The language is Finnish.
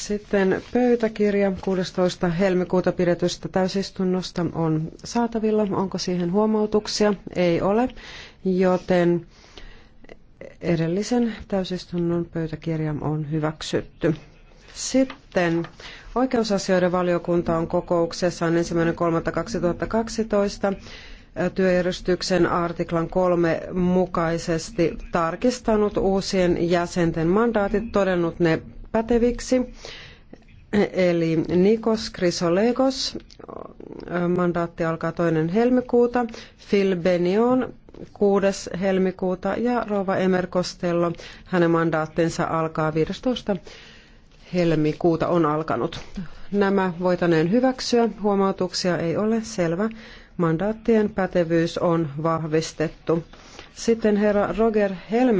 Sitten pöytäkirja 16. helmikuuta pidetystä täysistunnosta on saatavilla. Onko siihen huomautuksia? Ei ole, joten edellisen täysistunnon pöytäkirja on hyväksytty. Sitten oikeusasioiden valiokunta on kokouksessaan 1.3.2012 työjärjestyksen artiklan kolme mukaisesti tarkistanut uusien jäsenten mandaatit, todennut ne päteviksi. Eli Nikos Chrysolegos, mandaatti alkaa toinen helmikuuta, Phil Benion 6. helmikuuta ja Rova Emer Costello, hänen mandaattinsa alkaa 15. helmikuuta on alkanut. Nämä voitaneen hyväksyä, huomautuksia ei ole, selvä. Mandaattien pätevyys on vahvistettu. Sitten herra Roger Helmer.